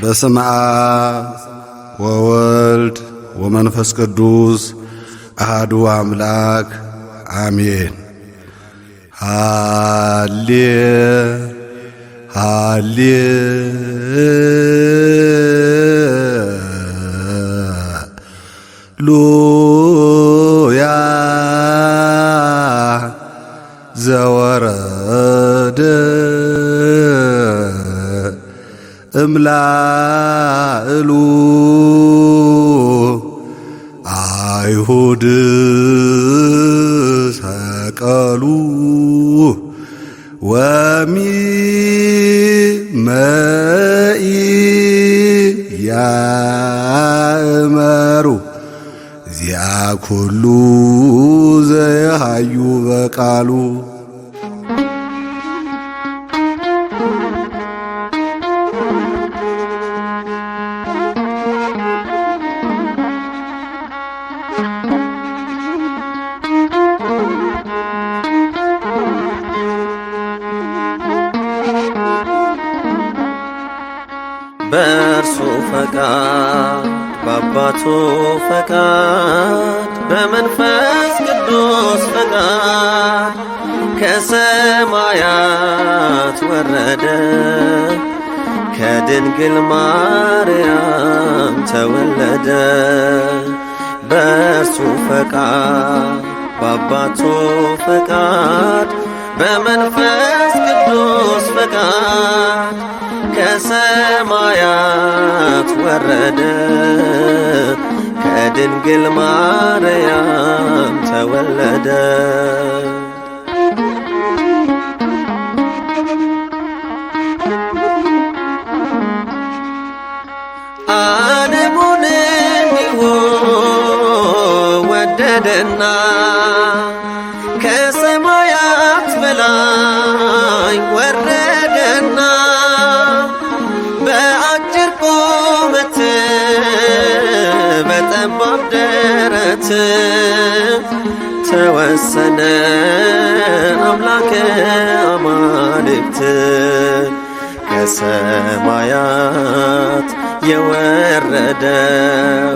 በስም አብ ወወልድ ወመንፈስ ቅዱስ አህዱ አምላክ አሜን። ሃሌ ሃሌ ሉያ ዘወረደ ምላእሉ አይሁድ ሰቀሉ ወሚ መኢ ያእመሩ ዚአ ኩሉ ዘይሃዩ በቃሉ በእርሱ ፈቃድ በአባቱ ፈቃድ በመንፈስ ቅዱስ ፈቃድ ከሰማያት ወረደ ከድንግል ማርያም ተወለደ በእርሱ ፈቃድ በአባቱ ፈቃድ በመንፈስ ቅዱስ ፈቃድ ከሰማያት ወረደ ከድንግል ማርያም ተወለደ። ዓለሙን እንዲሁ ወደደና ከሰማያት በላይ ወረደ ምሕረት ተወሰነ አምላከ አማልክት ከሰማያት የወረደው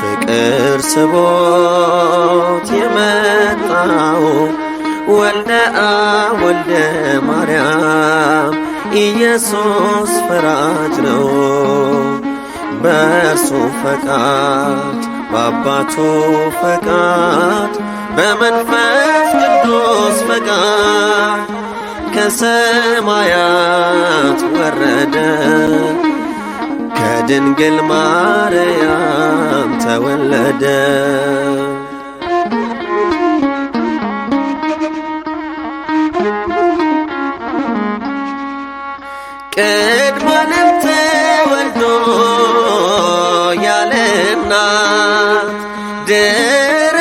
ፍቅር ስቦት የመጣው ወልደ አብ ወልደ ማርያም ኢየሱስ ፈራጅ ነው በእርሱ ፈቃድ በአባቱ ፈቃድ በመንፈስ ቅዱስ ፈቃድ ከሰማያት ወረደ ከድንግል ማርያም ተወለደ። እናት ድረ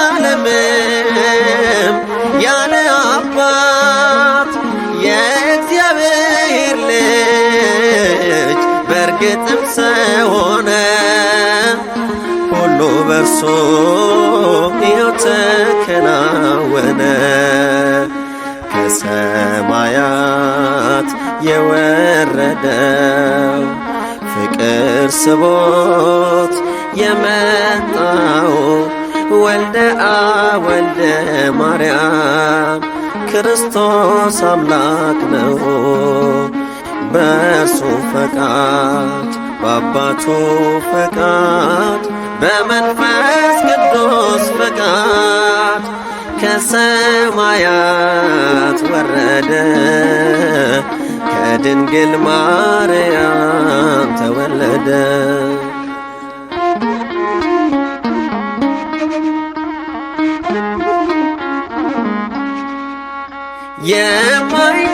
ዓለምም ያለ አባት የእግዚአብሔር ልጅ በእርግጥም ሰው ሆነ ሁሉ በርሱ ይኸው ተከናወነ ከሰማያት የወረደው ፍቅር ስቦት የመጣው ወልደ አብ ወልደ ማርያም ክርስቶስ አምላክ ነው። በእርሱ ፈቃድ በአባቱ ፈቃድ በመንፈስ ቅዱስ ፈቃድ ከሰማያት ወረደ ከድንግል ማርያም ተወለደ። የማይ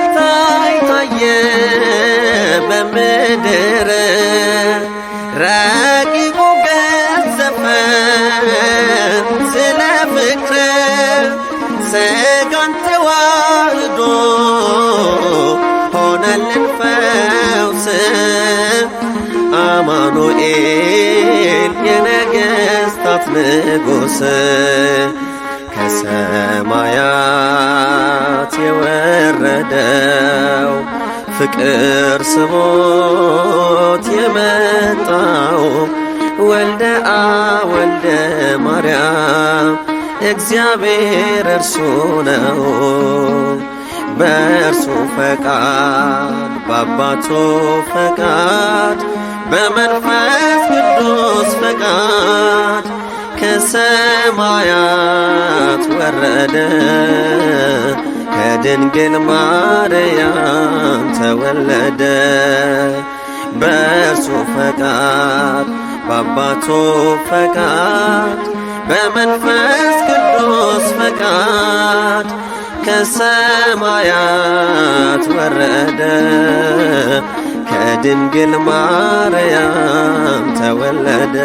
አማኑኤል የነገስታት ንጉሥ ከሰማያት የወረደው ፍቅር ስቦት የመጣው ወልደ አ ወልደ ማርያም እግዚአብሔር እርሱ ነው። በእርሱ ፈቃድ በአባቱ ፈቃድ በመንፈስ ቅዱስ ፈቃድ ከሰማያት ወረደ ከድንግል ማርያም ተወለደ። በእርሱ ፈቃድ በአባቱ ፈቃድ በመንፈስ ቅዱስ ፈቃድ ከሰማያት ወረደ ከድንግል ማርያም ተወለደ።